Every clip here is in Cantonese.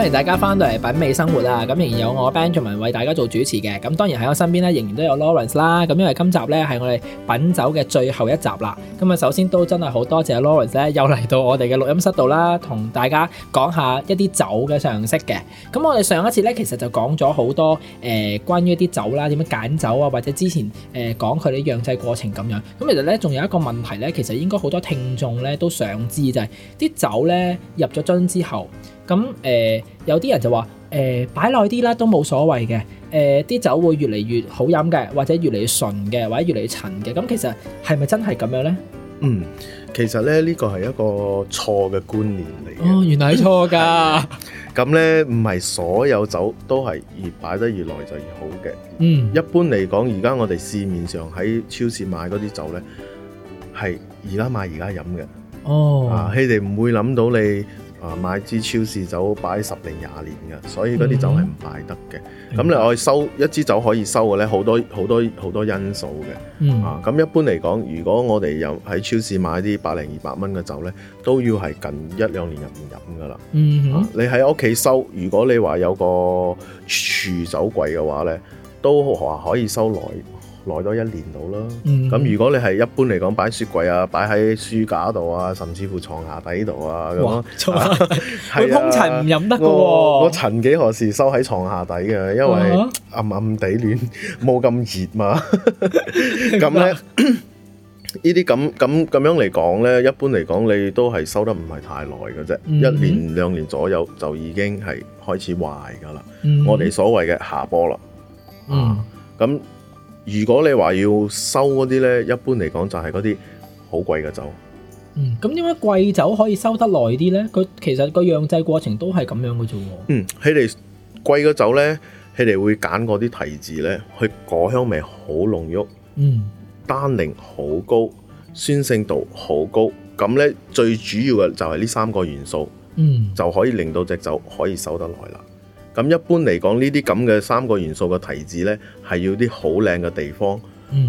歡迎大家翻到嚟品味生活啊！咁仍然有我 Benjamin 為大家做主持嘅。咁當然喺我身邊咧，仍然都有 Lawrence 啦。咁因為今集咧係我哋品酒嘅最後一集啦。咁啊，首先都真係好多謝 Lawrence 咧，又嚟到我哋嘅錄音室度啦，同大家講下一啲酒嘅常識嘅。咁我哋上一次咧，其實就講咗好多誒、呃、關於一啲酒啦，點樣揀酒啊，或者之前誒、呃、講佢哋釀製過程咁樣。咁其實咧，仲有一個問題咧，其實應該好多聽眾咧都想知就係、是、啲酒咧入咗樽之後。咁誒，有啲人就話誒，擺耐啲啦，都冇所謂嘅，誒啲酒會越嚟越好飲嘅，或者越嚟越純嘅，或者越嚟越陳嘅。咁其實係咪真係咁樣呢？嗯，其實呢呢個係一個錯嘅觀念嚟。哦，原來係錯㗎。咁呢，唔係所有酒都係越擺得越耐就越好嘅。嗯，一般嚟講，而家我哋市面上喺超市買嗰啲酒呢，係而家買而家飲嘅。哦，啊，佢哋唔會諗到你。啊！買支超市酒擺十零廿年嘅，所以嗰啲酒係唔擺得嘅。咁、mm hmm. 你可以收一支酒可以收嘅咧，好多好多好多因素嘅。Mm hmm. 啊，咁一般嚟講，如果我哋有喺超市買啲百零二百蚊嘅酒咧，都要係近一兩年入面飲噶啦。嗯、mm hmm. 啊、你喺屋企收，如果你話有個儲酒櫃嘅話咧，都話可以收耐。耐多一年到啦。咁、嗯、如果你係一般嚟講擺雪櫃啊，擺喺書架度啊，甚至乎床下底度啊，咁哇，佢通勤唔飲得噶喎。我我曾幾何時收喺床下底嘅，因為暗暗地暖，冇咁熱嘛。咁 咧呢， 呢啲咁咁咁樣嚟講咧，一般嚟講你都係收得唔係太耐嘅啫，嗯、一年兩年左右就已經係開始壞噶啦。嗯、我哋所謂嘅下坡啦，啊咁。嗯嗯如果你話要收嗰啲呢，一般嚟講就係嗰啲好貴嘅酒。嗯，咁點解貴酒可以收得耐啲呢？佢其實個釀製過程都係咁樣嘅啫。嗯，佢哋貴嘅酒呢，佢哋會揀嗰啲提子呢，佢果香味好濃郁，嗯，單寧好高，酸性度好高，咁呢，最主要嘅就係呢三個元素，嗯，就可以令到隻酒可以收得耐啦。咁一般嚟講，呢啲咁嘅三個元素嘅提子呢，係要啲好靚嘅地方，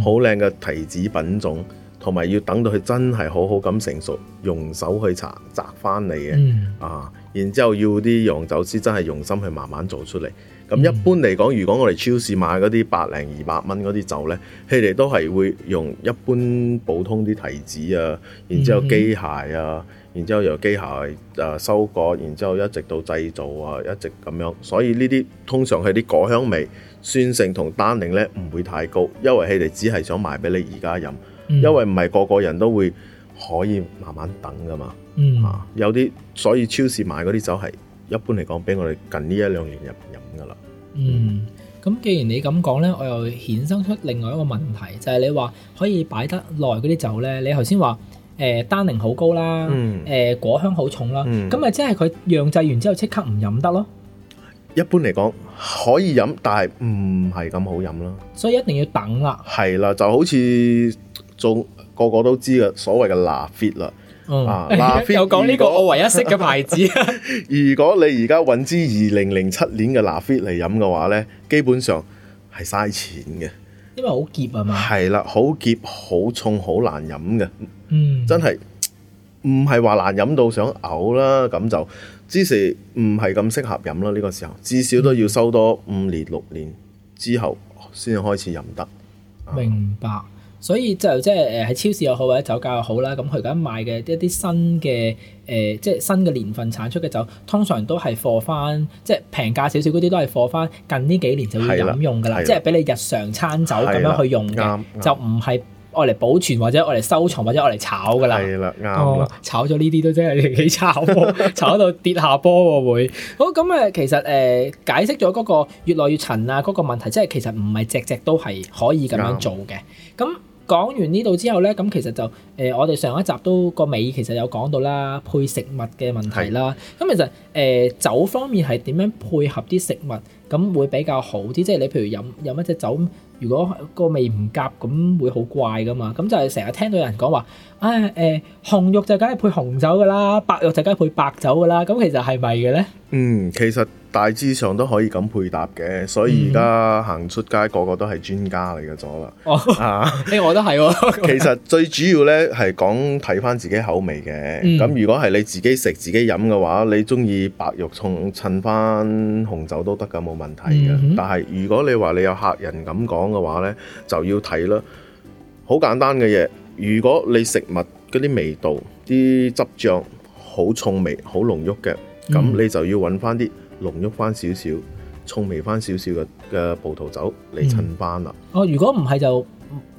好靚嘅提子品種，同埋要等到佢真係好好咁成熟，用手去摘摘翻嚟嘅，嗯、啊，然之後要啲釀酒師真係用心去慢慢做出嚟。咁一般嚟講，如果我哋超市買嗰啲百零二百蚊嗰啲酒呢，佢哋都係會用一般普通啲提子啊，然之後機械啊。嗯嗯然之後由機械誒、啊、收割，然之後一直到製造啊，一直咁樣。所以呢啲通常係啲果香味、酸性同單寧呢唔會太高，因為佢哋只係想賣俾你而家飲，嗯、因為唔係個個人都會可以慢慢等噶嘛。嚇、嗯啊，有啲所以超市買嗰啲酒係一般嚟講，俾我哋近呢一兩年入飲噶啦。嗯，咁既然你咁講呢，我又衍生出另外一個問題，就係、是、你話可以擺得耐嗰啲酒呢？你頭先話。誒，單寧好高啦，誒、嗯呃，果香好重啦，咁咪即係佢釀製完之後即刻唔飲得咯。一般嚟講可以飲，但係唔係咁好飲啦。所以一定要等啦。係啦，就好似做個個都知嘅所謂嘅拉 fit 啦，嗯、啊，有講呢個我唯一識嘅牌子 如果你而家搵支二零零七年嘅拉 fit 嚟飲嘅話咧，基本上係嘥錢嘅，因為好澀啊嘛。係啦的，好澀、好重、好難飲嘅。嗯，真係唔係話難飲到想嘔啦，咁就暫時唔係咁適合飲啦呢個時候，至少都要收多五年六年之後先開始飲得。明白，所以就即係喺超市又好或者酒窖又好啦，咁佢而家賣嘅一啲新嘅誒、呃、即係新嘅年份產出嘅酒，通常都係貨翻即係平價少少嗰啲，都係貨翻近呢幾年就要飲用噶啦，即係俾你日常餐酒咁樣去用嘅，就唔係愛嚟保存或者愛嚟收藏或者愛嚟炒噶啦，係啦啱炒咗呢啲都真係年紀炒， 炒到跌下波會。好咁啊，嗯，其實誒、呃、解釋咗嗰個越來越陳啊，嗰個問題，即係其實唔係只只都係可以咁樣做嘅。咁講的完呢度之後咧，咁其實就誒我哋上一集都個尾其實有講到啦，配食物嘅問題啦。咁的其實誒、呃、酒方面係點樣配合啲食物，咁會比較好啲。即係你譬如飲飲一隻酒。如果個味唔夾，咁會好怪噶嘛？咁就係成日聽到有人講話，唉、哎、誒、呃、紅肉就梗係配紅酒噶啦，白肉就梗係配白酒噶啦。咁其實係咪嘅咧？嗯，其實。大致上都可以咁配搭嘅，所以而家行出街個個都係專家嚟嘅咗啦。哦、啊，呢、欸、我都係、啊。其實最主要呢係講睇翻自己口味嘅。咁、嗯、如果係你自己食自己飲嘅話，你中意白肉重襯翻紅酒都得㗎，冇問題嘅。嗯、哼但係如果你話你有客人咁講嘅話呢，就要睇啦。好簡單嘅嘢，如果你食物嗰啲味道、啲汁醬好重味、好濃郁嘅，咁你就要揾翻啲。濃郁翻少少，重味翻少少嘅嘅葡萄酒嚟襯翻啦。哦，如果唔係就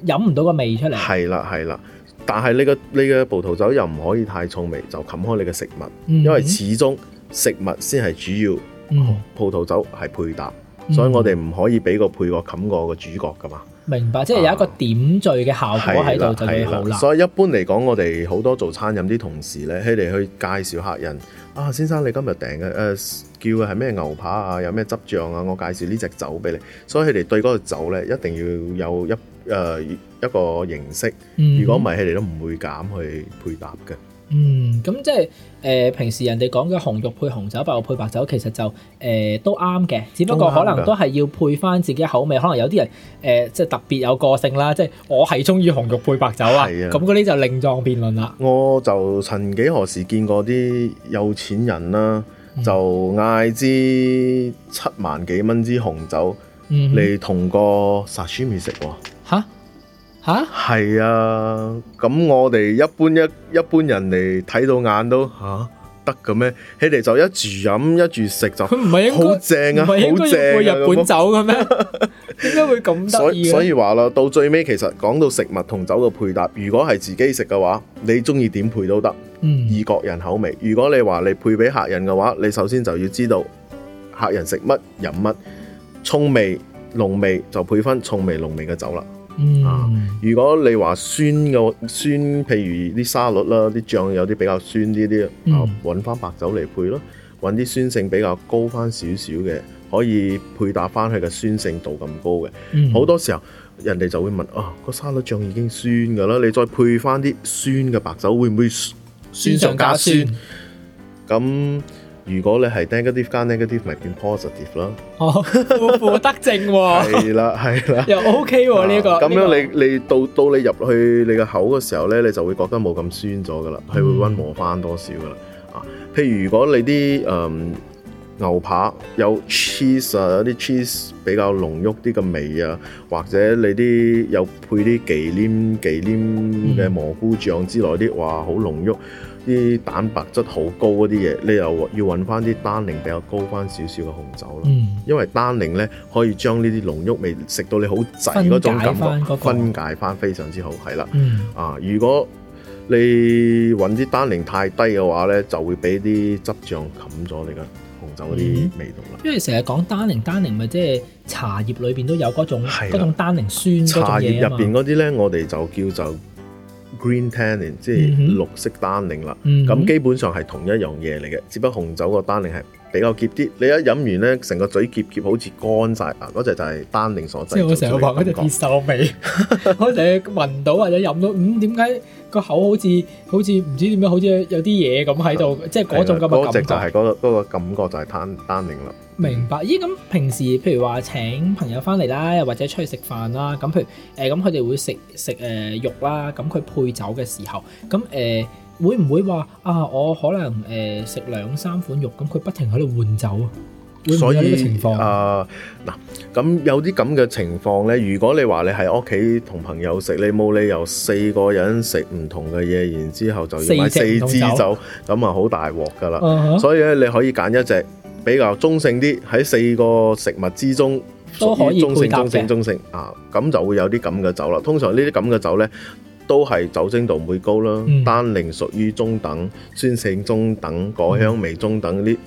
飲唔到個味出嚟。係啦，係啦，但係呢個呢個葡萄酒又唔可以太重味，就冚開你嘅食物，嗯、哼因為始終食物先係主要，葡萄酒係配搭，嗯、所以我哋唔可以俾個配角冚過個主角噶嘛。明白，即係有一個點綴嘅效果喺度、啊、就好啦。所以一般嚟講，我哋好多做餐飲啲同事咧，佢哋去介紹客人啊，先生你今日訂嘅誒、呃、叫嘅係咩牛扒啊，有咩汁醬啊，我介紹呢隻酒俾你。所以佢哋對嗰個酒咧，一定要有一誒、呃、一個認識。如果唔係，佢哋都唔會敢去配搭嘅。嗯，咁即係誒、呃，平時人哋講嘅紅肉配紅酒，白肉配白酒，其實就誒、呃、都啱嘅。只不過可能都係要配返自己口味，可能有啲人誒、呃、即係特別有個性啦，即係我係中意紅肉配白酒啊。咁嗰啲就另當別論啦。我就曾幾何時見過啲有錢人啦、啊，嗯、就嗌支七萬幾蚊支紅酒嚟同、嗯、哼個沙西米食喎。吓？係啊！咁、啊、我哋一般一一般人嚟睇到眼都嚇得嘅咩？佢哋、啊、就一住飲一住食就，佢唔係應該唔係、啊、應該要配日本酒嘅咩？點解 會咁得意？所以話啦，到最尾其實講到食物同酒嘅配搭，如果係自己食嘅話，你中意點配都得，嗯、以各人口味。如果你話你配俾客人嘅話，你首先就要知道客人食乜飲乜，重味濃味就配翻重味濃味嘅酒啦。嗯，如果你話酸嘅話，酸，譬如啲沙律啦，啲醬有啲比較酸啲啲，嗯、啊，揾翻白酒嚟配咯，揾啲酸性比較高翻少少嘅，可以配搭翻佢嘅酸性度咁高嘅。嗯、好多時候人哋就會問啊，個沙律醬已經酸噶啦，你再配翻啲酸嘅白酒，會唔會酸上加酸？咁如果你係 negative 加 negative，咪變 positive 咯。哦 負負得正喎。係啦，係啦。又 OK 喎、啊、呢、呢個。咁樣你、呢個、你到到你入去你個口嘅時候咧，你就會覺得冇咁酸咗噶啦，係會溫和翻多少噶啦。啊、嗯，譬如如果你啲嗯牛扒有 cheese 啊，有啲 cheese 比較濃郁啲嘅味啊，或者你啲有配啲忌廉忌廉嘅蘑菇醬之類啲，嗯、哇，好濃郁。啲蛋白質好高嗰啲嘢，你又要揾翻啲單寧比較高翻少少嘅紅酒啦。嗯、因為單寧咧可以將呢啲濃郁味食到你好滯嗰種感覺分解翻、那個，分解翻非常之好。係啦，嗯、啊，如果你揾啲單寧太低嘅話咧，就會俾啲汁醬冚咗你嘅紅酒嗰啲味道啦、嗯。因為成日講單寧，單寧咪即係茶葉裏邊都有嗰種嗰係種單寧酸。茶葉入邊嗰啲咧，我哋就叫做。Green Tannin 即係綠色丹寧啦，咁、mm hmm. 基本上係同一樣嘢嚟嘅，只不過紅酒個丹寧係。比較澀啲，你一飲完咧，成個嘴澀澀，好似乾晒，啊！嗰隻就係丹寧所製。即係我成日話嗰隻鐵銹味， 我成日聞到或者飲到，嗯，點解個口好似好似唔知點樣，好似有啲嘢咁喺度，嗯、即係嗰種咁嘅感覺。嗰個、就係嗰、嗰個嗰個感覺就，就係丹丹寧啦。明白。咦，咁平時譬如話請朋友翻嚟啦，又或者出去食飯啦，咁譬如誒咁佢哋會食食誒肉啦，咁佢配酒嘅時候，咁誒。呃會唔會話啊？我可能誒食兩三款肉，咁佢不停喺度換酒啊？會唔會有呢個情況啊？嗱，咁有啲咁嘅情況咧，如果你話你喺屋企同朋友食，你冇理由四個人食唔同嘅嘢，然之後就要買四支酒，咁啊好大鑊噶啦。所以咧，你可以揀一隻比較中性啲，喺四個食物之中都可以中性、中性、中性啊，咁就會有啲咁嘅酒啦。通常呢啲咁嘅酒咧。都係酒精度唔會高啦，嗯、單寧屬於中等，酸性中等，果香味中等呢、嗯、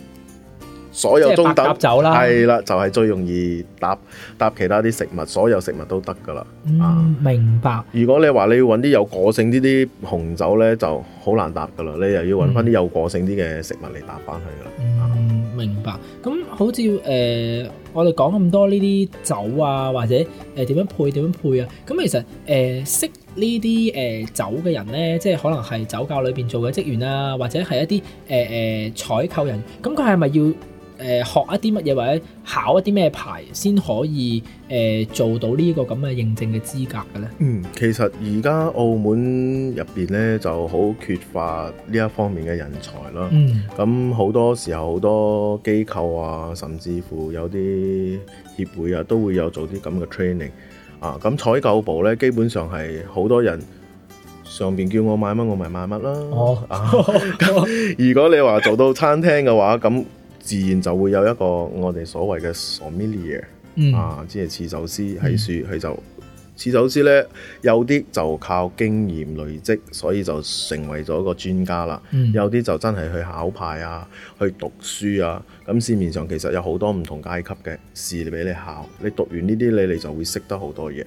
所有中等百搭酒啦，係啦，就係、是、最容易搭搭其他啲食物，所有食物都得噶啦。嗯，明白。啊、如果你話你要搵啲有個性啲啲紅酒呢，就好難搭噶啦，你又要揾翻啲有個性啲嘅食物嚟搭翻佢啦、嗯。明白。咁好似誒、呃，我哋講咁多呢啲酒啊，或者誒點樣配點樣配啊？咁其實誒、呃呃、呢啲誒走嘅人咧，即係可能係酒窖裏邊做嘅職員啊，或者係一啲誒誒採購人，咁佢係咪要誒、呃、學一啲乜嘢或者考一啲咩牌先可以誒、呃、做到呢個咁嘅認證嘅資格嘅咧？嗯，其實而家澳門入邊咧就好缺乏呢一方面嘅人才啦。嗯，咁好多時候好多機構啊，甚至乎有啲協會啊，都會有做啲咁嘅 training。啊，咁採購部咧，基本上係好多人上邊叫我買乜，我咪買乜啦。哦，啊，如果你話做到餐廳嘅話，咁自然就會有一個我哋所謂嘅 sommelier 啊，即係侍酒師喺處，佢、mm. 就。試酒師呢，有啲就靠經驗累積，所以就成為咗個專家啦。嗯、有啲就真係去考牌啊，去讀書啊。咁市面上其實有好多唔同階級嘅試嚟俾你考。你讀完呢啲，你哋就會識得好多嘢。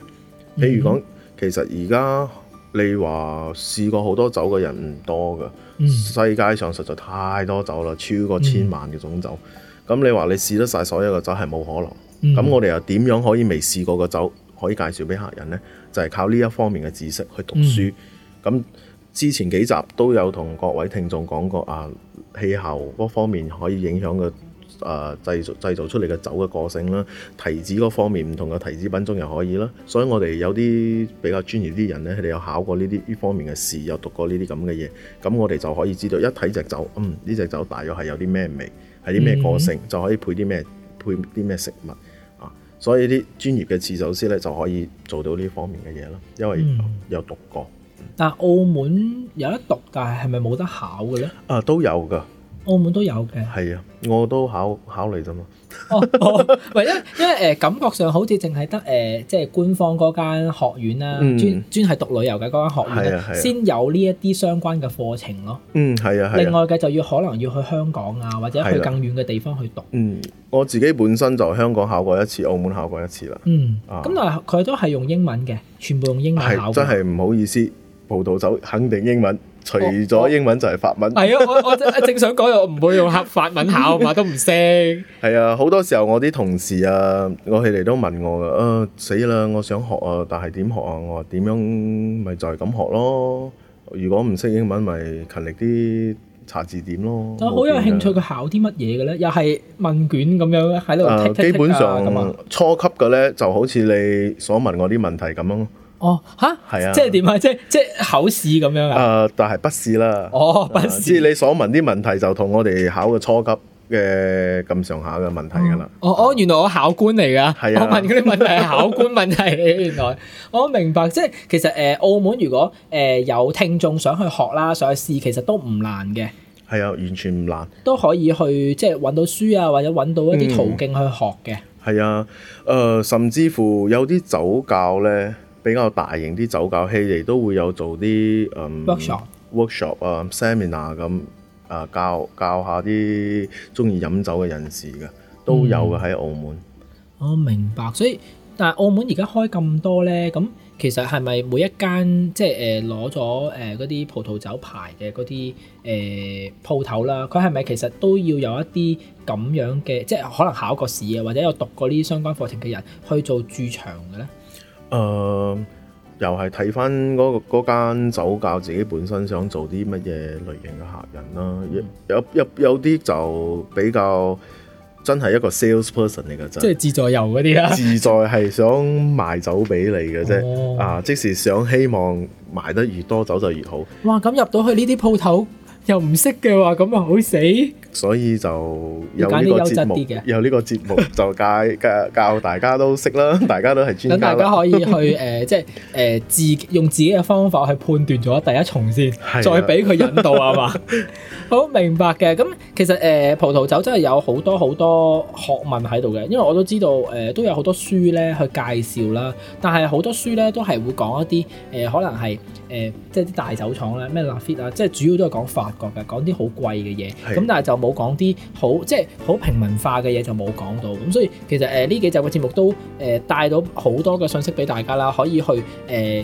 譬如講，嗯、其實而家你話試過好多酒嘅人唔多噶，嗯、世界上實在太多酒啦，超過千萬嘅種酒。咁、嗯嗯、你話你試得晒所有嘅酒係冇可能。咁、嗯、我哋又點樣可以未試過嘅酒？可以介紹俾客人呢，就係、是、靠呢一方面嘅知識去讀書。咁、嗯、之前幾集都有同各位聽眾講過啊，氣候嗰方面可以影響嘅啊製造、製造出嚟嘅酒嘅個性啦，提子嗰方面唔同嘅提子品種又可以啦。所以我哋有啲比較專業啲人呢，佢哋有考過呢啲呢方面嘅試，有讀過呢啲咁嘅嘢，咁我哋就可以知道一睇隻酒，嗯、呢隻酒大約係有啲咩味，係啲咩個性，嗯、就可以配啲咩配啲咩食物。所以啲專業嘅刺繡師就可以做到呢方面嘅嘢咯，因為有讀過、嗯。但澳門有得讀，但係係咪冇得考嘅呢？啊，都有㗎。澳門都有嘅，係啊，我都考考慮啫嘛。 oh, oh，因為因、呃、感覺上好似淨係得誒，即係官方嗰間學院啦、啊嗯，專專係讀旅遊嘅嗰間學院先、啊啊啊、有呢一啲相關嘅課程咯、啊。嗯，係啊，係、啊、另外嘅就要可能要去香港啊，或者去更遠嘅地方去讀、啊。嗯，我自己本身就香港考過一次，澳門考過一次啦。嗯，咁、啊、但係佢都係用英文嘅，全部用英文考。真係唔好意思，葡萄酒肯定英文。除咗英文就係法文，係、哦、 啊！我我正想講，又唔會用法文考嘛，都唔識。係 啊，好多時候我啲同事啊，我起嚟都問我噶，啊死啦，我想學啊，但係點學啊？我話點樣咪就係、是、咁學咯。如果唔識英文，咪勤力啲查字典咯。啊，好有興趣，佢考啲乜嘢嘅咧？又係問卷咁樣喺度、啊、基本上，樣初級嘅咧就好似你所問我啲問題咁咯。哦，吓，係啊，即係點、呃哦、啊？即係即係考試咁樣啊？誒，但係筆試啦，哦，筆試，你所問啲問題就同我哋考嘅初級嘅咁上下嘅問題噶啦。哦哦，原來我考官嚟噶，啊、我問嗰啲問題係考官問題嚟，原來 我明白，即係其實誒、呃，澳門如果誒、呃、有聽眾想去學啦，想去試，其實都唔難嘅。係啊，完全唔難，都可以去即係搵到書啊，或者搵到一啲途徑去學嘅。係、嗯、啊，誒、呃，甚至乎有啲酒教咧。比較大型啲酒窖基地都會有做啲嗯 workshop 啊、seminar 咁啊，教教下啲中意飲酒嘅人士嘅都有嘅喺澳門，嗯。我明白，所以但係澳門而家開咁多咧，咁其實係咪每一間即係誒攞咗誒嗰啲葡萄酒牌嘅嗰啲誒鋪頭啦，佢係咪其實都要有一啲咁樣嘅，即係可能考過試啊，或者有讀過呢啲相關課程嘅人去做駐場嘅咧？誒、呃，又係睇翻嗰嗰間酒窖自己本身想做啲乜嘢類型嘅客人啦、嗯，有有有啲就比較真係一個 sales person 嚟嘅啫，即係自助遊嗰啲啦，自助係想賣酒俾你嘅啫，哦、啊，即時想希望賣得越多酒就越好。哇，咁入到去呢啲鋪頭又唔識嘅話，咁咪好死！所以就有呢個節目，有啲優質啲嘅。有呢個節目就教教大家都識啦， 大家都係專家啦。等大家可以去誒、呃，即係誒、呃，自用自己嘅方法去判斷咗第一重先，啊、再俾佢引導係嘛？ 好明白嘅。咁其實誒、呃，葡萄酒真係有好多好多學問喺度嘅，因為我都知道誒、呃，都有好多書咧去介紹啦。但係好多書咧都係會講一啲誒、呃，可能係。誒、呃，即係啲大酒廠啦，咩 Lafite 啊，即係主要都係講法國嘅，講啲好貴嘅嘢，咁是但係就冇講啲好，即係好平民化嘅嘢就冇講到，咁所以其實誒呢、呃、幾集嘅節目都誒、呃、帶到好多嘅信息俾大家啦，可以去誒諗、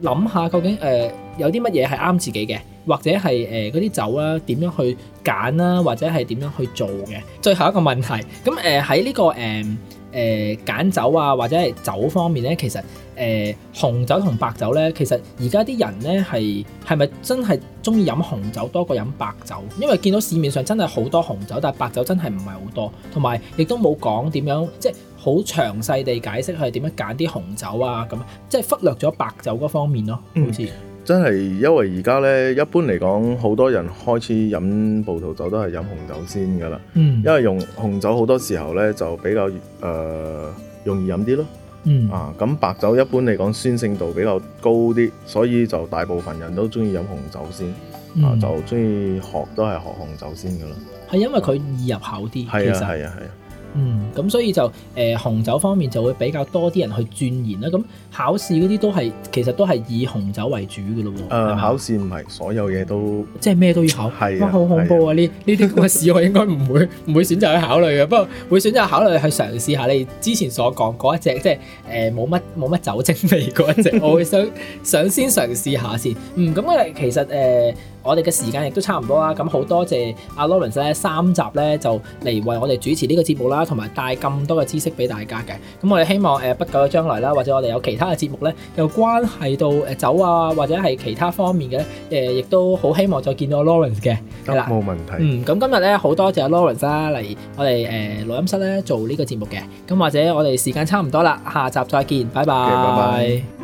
呃、下究竟誒、呃、有啲乜嘢係啱自己嘅，或者係誒嗰啲酒啊點樣去揀啦，或者係點樣去做嘅。最後一個問題，咁誒喺呢個誒、呃誒揀、呃、酒啊，或者係酒方面咧，其實誒、呃、紅酒同白酒咧，其實而家啲人咧係係咪真係中意飲紅酒多過飲白酒？因為見到市面上真係好多紅酒，但係白酒真係唔係好多，同埋亦都冇講點樣，即係好詳細地解釋係點樣揀啲紅酒啊，咁即係忽略咗白酒嗰方面咯，好似。嗯。真係，因為而家呢，一般嚟講，好多人開始飲葡萄酒都係飲紅酒先噶啦。嗯，因為用紅酒好多時候呢，就比較誒、呃、容易飲啲咯。嗯，啊咁白酒一般嚟講酸性度比較高啲，所以就大部分人都中意飲紅酒先。嗯、啊，就中意學都係學紅酒先噶啦，係因為佢易入口啲。其實。係啊係啊係啊。嗯，咁所以就，誒、呃、紅酒方面就會比較多啲人去鑽研啦。咁考試嗰啲都係，其實都係以紅酒為主噶咯。嗯、呃，吧考試唔係所有嘢，都，即係咩都要考，啊、哇好恐怖啊！呢呢啲咁嘅事我應該唔會唔 會選擇去考慮嘅。不過會選擇考慮去嘗試下你之前所講嗰一隻，即係誒冇乜冇乜酒精味嗰一隻， 我會想想先嘗試下先。嗯，咁啊其實誒。呃我哋嘅時間亦都差唔多啦，咁好多謝阿 Lawrence 咧三集咧就嚟為我哋主持呢個節目啦，同埋帶咁多嘅知識俾大家嘅。咁我哋希望誒、呃、不久嘅將來啦，或者我哋有其他嘅節目咧，又關係到誒酒、呃、啊或者係其他方面嘅誒、呃，亦都好希望再見到 Lawrence 嘅。得冇問題。嗯，咁今日咧好多謝阿 Lawrence 啦，嚟我哋誒錄音室咧做呢個節目嘅。咁或者我哋時間差唔多啦，下集再見，拜拜。